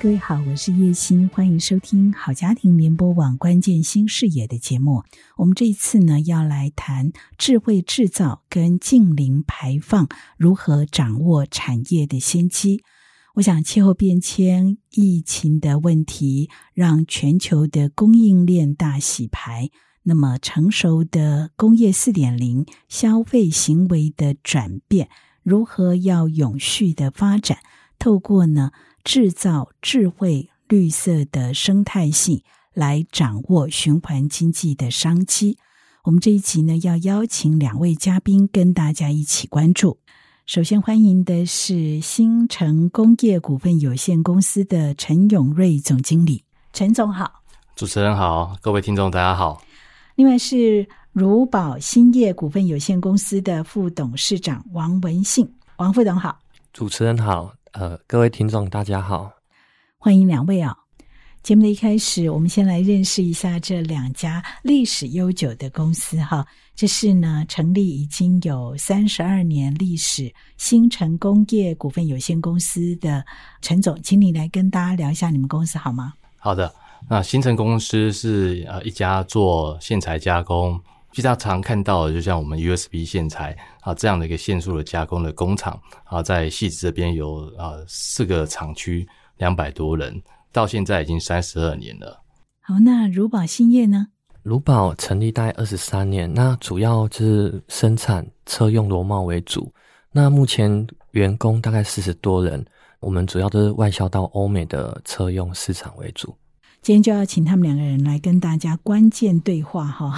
各位好，我是葉欣，歡迎收聽好家庭聯播網關鍵新視野的節目。我們這一次呢要來談智慧製造跟淨零排放如何掌握產業的先機。我想氣候變遷、疫情的問題，讓全球的供應鏈大洗牌。那麼成熟的工業四點零，消費行為的轉變，如何要永續的發展？透過呢製造智慧綠色的生態系，來掌握循環經濟的商機。我們這一集呢要邀請兩位嘉賓跟大家一起關注。首先歡迎的是新呈工業股份有限公司的陳泳睿總經理，陳總好。主持人好，各位聽眾大家好。另外是如保興業股份有限公司的副董事長王文信，王副董好。主持人好。呃，各位聽眾大家好，歡迎兩位啊、哦！節目的一開始，我們先來認識一下這兩家歷史悠久的公司哈。這是呢，成立已經有三十二年歷史，新呈工業股份有限公司的陳總，請你來跟大家聊一下你們公司好嗎？好的，那新呈公司是呃一家做線材加工，就大家常看到，就像我們 USB 線材啊這樣的一個線束的加工的工廠啊，在汐止這邊有啊四個廠區，兩百多人，到現在已經三十二年了。好，那如保興業呢？如保成立大概二十三年，那主要就是生產車用螺帽為主。那目前員工大概四十多人，我們主要都是外銷到歐美的車用市場為主。今天就要請他們兩個人來跟大家關鍵對話哈、哦。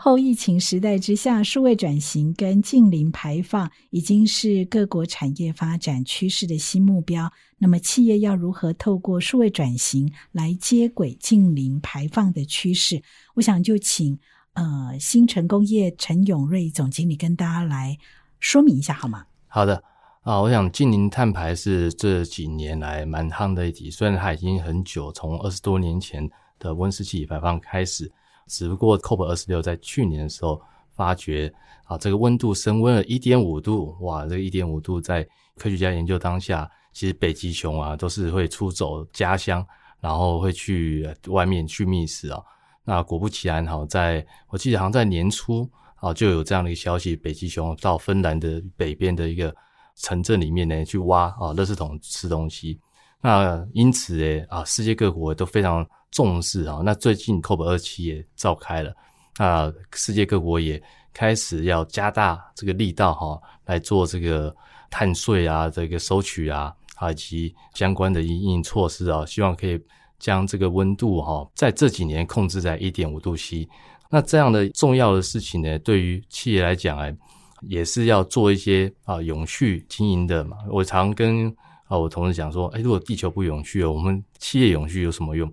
後疫情時代之下，數位轉型跟淨零排放已經是各國產業發展趨勢的新目標。那麼，企業要如何透過數位轉型來接軌淨零排放的趨勢？我想就請呃新呈工業陳泳睿總經理跟大家來說明一下，好嗎？好的，啊、呃，我想淨零碳排是這幾年來蠻夯的一題，雖然它已經很久，從二十多年前的溫室氣體排放開始。只不過 COP26 在去年的時候發覺，啊，這個溫度升溫了一點五度，哇，這個一點五度在科學家研究當下，其實北極熊啊都是會出走家鄉，然後會去外面去覓食啊。那果不其然啊，哈，在我記得好像在年初啊就有這樣的一個消息，北極熊到芬蘭的北邊的一個城鎮裡面呢去挖啊垃圾桶吃東西。那因此，呢，啊，世界各國都非常。重視啊，那最近 COP 二七也召開了，啊，世界各國也開始要加大這個力道哈、啊，來做這個碳稅啊，這個收取啊，啊以及相關的因應措施啊，希望可以將這個溫度哈、啊，在這幾年控制在一點五度 C。那這樣的重要的事情呢，對於企業來講哎、啊，也是要做一些啊永續經營的嘛。我常跟啊我同事講說，哎、欸，如果地球不永續哦，我們企業永續有什麼用？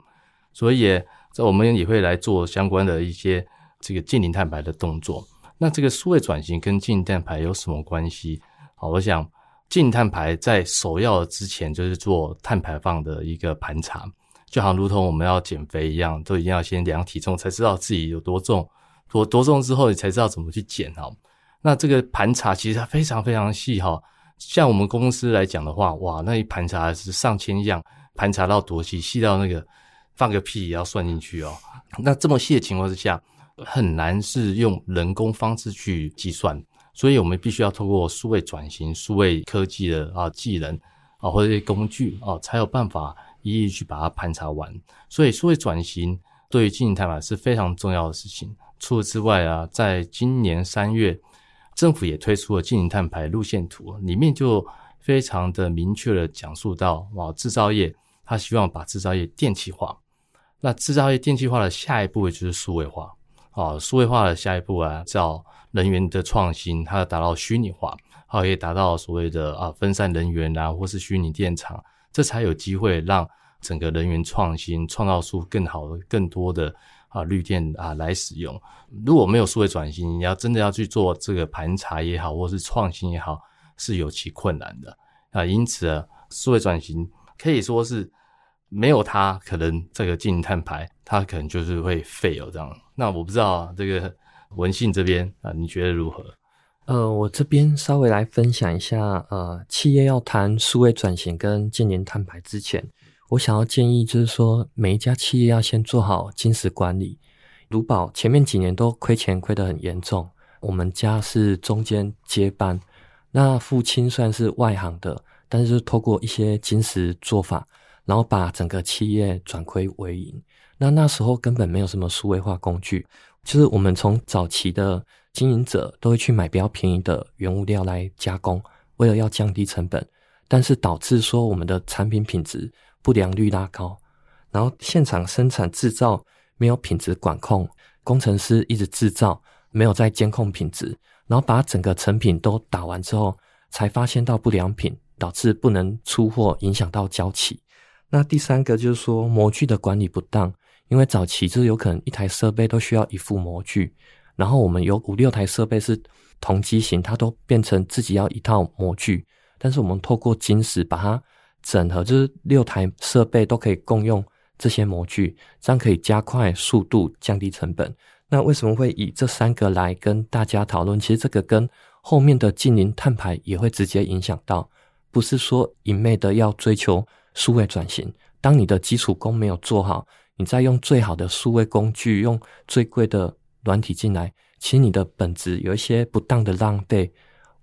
所以在我們也會來做相關的一些這個淨零碳排的動作。那這個數位轉型跟淨零碳排有什麼關係？好，我想淨零碳排在首要之前就是做碳排放的一個盤查，就好像如同我們要減肥一樣，都一定要先量體重才知道自己有多重，多多重之後你才知道怎麼去減哦。那這個盤查其實它非常非常細哈、喔，像我們公司來講的話，哇，那一盤查是上千樣，盤查到多細，細到那個。放個屁也要算進去哦。那這麼細的情況之下，很難是用人工方式去計算，所以我們必須要透過數位轉型、數位科技的啊技能啊或者工具啊，才有辦法一一去把它盤查完。所以數位轉型對於淨零碳排是非常重要的事情。除此之外啊，在今年三月，政府也推出了淨零碳排路線圖，裡面就非常的明確的講述到哇，製造業他希望把製造業電氣化。那製造業電氣化的下一步就是數位化，啊，數位化的下一步啊，叫能源的創新，它要達到虛擬化，啊，也達到所謂的啊分散能源啊，或是虛擬電廠，這才有機會讓整個能源創新創造出更好的、更多的啊綠電啊來使用。如果沒有數位轉型，你要真的要去做這個盤查也好，或是創新也好，是有其困難的啊。因此啊，數位轉型可以說是。沒有他，可能這個淨零碳排，他可能就是會廢哦這樣。那我不知道、啊、這個文信這邊啊，你覺得如何？呃，我這邊稍微來分享一下。呃，企業要談數位轉型跟淨零碳排之前，我想要建議就是說，每一家企業要先做好精實管理。如保前面幾年都虧錢虧得很嚴重，我們家是中間接班，那父親算是外行的，但是，是透過一些精實做法。然後把整個企業轉虧為盈。那那時候根本沒有什麼數位化工具，就是我們從早期的經營者都會去買比較便宜的原物料來加工，為了要降低成本，但是導致說我們的產品品質不良率拉高，然後現場生產制造沒有品質管控，工程師一直制造，沒有在監控品質，然後把整個成品都打完之後，才發現到不良品，導致不能出貨，影響到交期。那第三個就是說模具的管理不當，因為早期就是有可能一台設備都需要一副模具，然後我們有五六台設備是同機型，它都變成自己要一套模具，但是我們透過金石把它整合，就是六台設備都可以共用這些模具，這樣可以加快速度，降低成本。那為什麼會以這三個來跟大家討論？其實這個跟後面的淨零碳排也會直接影響到，不是說一味的要追求。數位轉型，當你的基礎功沒有做好，你再用最好的數位工具，用最貴的軟體進來，其實你的本質有一些不當的浪費。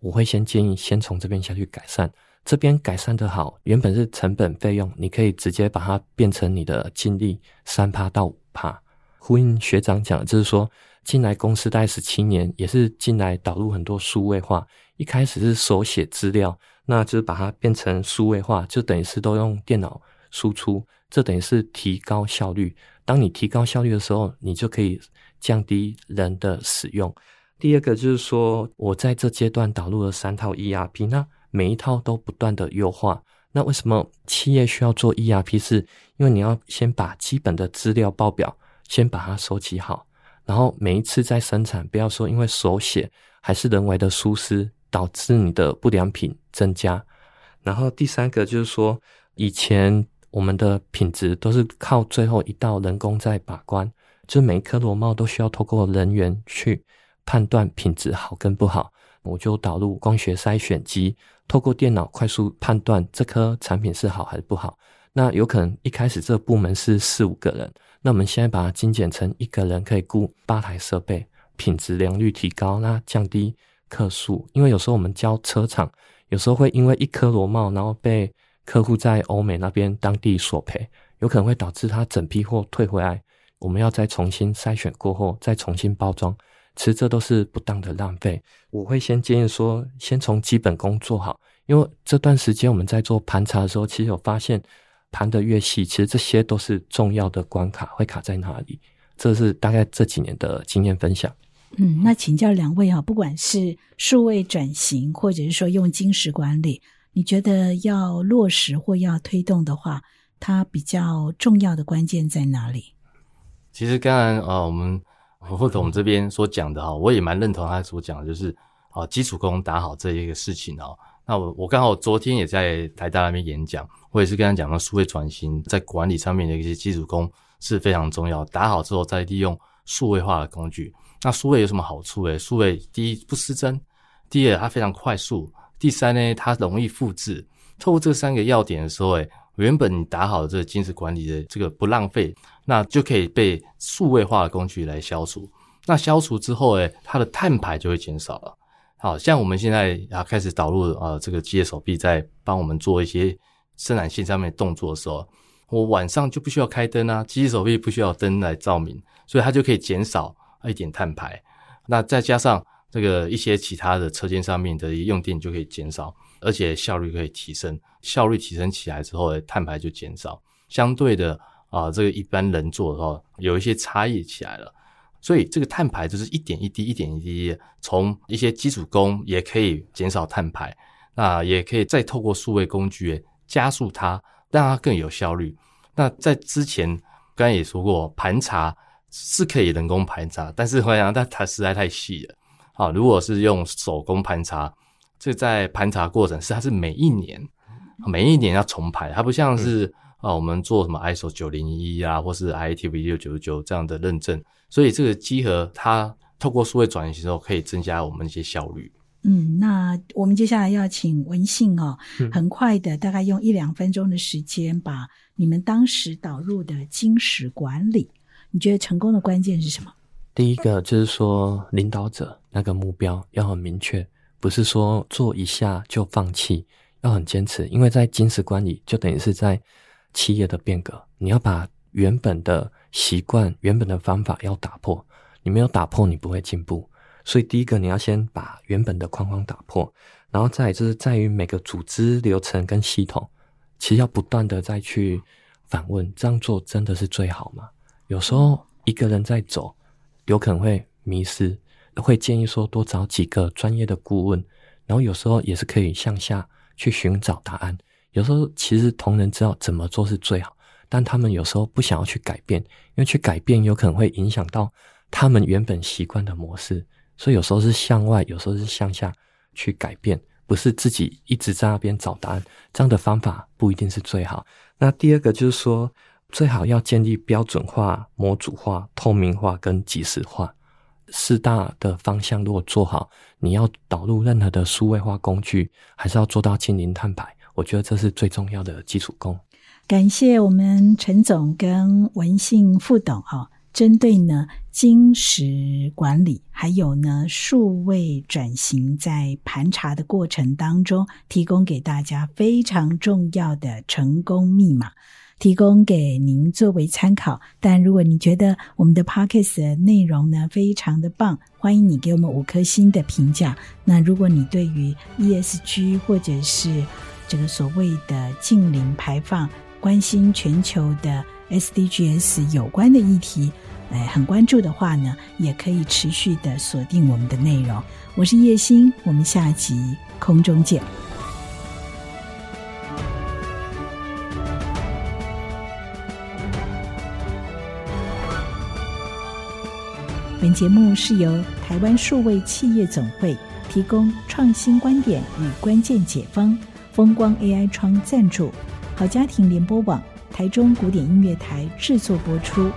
我會先建議，先從這邊下去改善。這邊改善的好，原本是成本費用，你可以直接把它變成你的淨利三趴到五趴。呼應學長講的，就是說，進來公司大概十七年，也是進來導入很多數位化，一開始是手寫資料。那就是把它變成數位化，就等於是都用電腦輸出，這等於是提高效率。當你提高效率的時候，你就可以降低人的使用。第二個就是說，我在這階段導入了三套 ERP，那每一套都不斷的優化。那為什麼企業需要做 ERP？是因為你要先把基本的資料報表先把它收集好，然後每一次在生產，不要說因為手寫還是人為的疏失。導致你的不良品增加。然後第三個就是說，以前我們的品質都是靠最後一道人工在把關，就是每一顆螺帽，都需要透過人員去判斷品質好跟不好。我就導入光學篩選機，透過電腦快速判斷這顆產品是好還是不好。那有可能一開始這部門是四五個人，那我們現在把它精簡成一個人可以雇八台設備，品質良率提高，那降低客訴，因為有時候我們交車廠，有時候會因為一顆螺帽然後被客戶在歐美那邊當地索賠，有可能會導致他整批貨退回來，我們要再重新篩選過後，再重新包裝，其實這都是不當的浪費。我會先建議說，先從基本功做好，因為這段時間我們在做盤查的時候，其實有發現，盤的越細，其實這些都是重要的關卡，會卡在哪裡？這是大概這幾年的經驗分享。嗯，那請教兩位哈，不管是數位轉型，或者是說用精實管理，你覺得要落實或要推動的話，它比較重要的關鍵在哪裡？其實才，剛剛啊，我們副總這邊所講的哈，我也蠻認同他所講，就是啊，基礎功打好這一個事情哦。那我我剛好昨天也在台大那邊演講，我也是跟他講到數位轉型，在管理上面的一些基礎功是非常重要，打好之後再利用數位化的工具。那數位有什麼好處呢？誒數位第一不失真，第二它非常快速，第三呢它容易複制。透過這三個要點的時候，誒原本你打好的這個精實管理的這個不浪費，那就可以被數位化的工具來消除。那消除之後，誒它的碳排就會減少了。好，像我們現在啊開始導入啊這個機械手臂在幫我們做一些生產線上面動作的時候，我晚上就不需要開燈啊，機械手臂不需要燈來照明，所以它就可以減少。一點碳排，那再加上這個一些其他的車間上面的用電，就可以減少，而且效率可以提升。效率提升起來之後，碳排就減少。相對的啊、呃，這個一般人做的話，有一些差異起來了。所以這個碳排就是一點一滴，一點一滴的，從一些基礎工也可以減少碳排，那也可以再透過數位工具加速它，讓它更有效率。那在之前剛才也說過盤查。是可以人工盤查，但是我想，它它實在太細了。好、啊，如果是用手工盤查，這在盤查過程是它是每一年，每一年要重盤、嗯，它不像是、嗯、啊我們做什麼 ISO 九零一啊，或是 ITV 六九九這樣的認證，所以這個集合它透過數位轉型之後，可以增加我們一些效率。嗯，那我們接下來要請文信哦，很快的，大概用一兩分鐘的時間，把你們當時導入的精實管理。你覺得成功的關鍵是什麼？第一個就是說，領導者那個目標要很明確，不是說做一下就放棄，要很堅持。因為在精實管理，就等於是在企業的變革，你要把原本的習慣、原本的方法要打破。你沒有打破，你不會進步。所以，第一個你要先把原本的框框打破，然後再就是在於每個組織流程跟系統，其實要不斷的再去反問：這樣做真的是最好嗎？有時候一個人在走，有可能會迷失，會建議說多找幾個專業的顧問，然後有時候也是可以向下去尋找答案。有時候其實同仁知道怎麼做是最好，但他們有時候不想要去改變，因為去改變有可能會影響到他們原本習慣的模式，所以有時候是向外，有時候是向下去改變，不是自己一直在那邊找答案，這樣的方法不一定是最好。那第二個就是說，最好要建立標準化、模組化、透明化跟即時化，四大的方向，如果做好，你要導入任何的數位化工具，還是要做到淨零碳排。我覺得這是最重要的基礎功。感謝我們陳總跟文信副董啊，針對呢精實管理，還有呢數位轉型，在盤查的過程當中，提供給大家非常重要的成功密碼。提供給您作為參考，但如果你覺得我們的 podcast 的內容呢非常的棒，歡迎你給我們五顆星的評價。那如果你對於 ESG 或者是這個所謂的淨零排放，關心全球的 SDGs 有關的議題，哎、呃，很關注的話呢，也可以持續的鎖定我們的內容。我是葉欣，我們下集空中見。本節目是由台灣數位企業總會提供創新觀點與關鍵解方，風光 AI 窗贊助，好家庭聯播網，台中古典音樂台製作播出。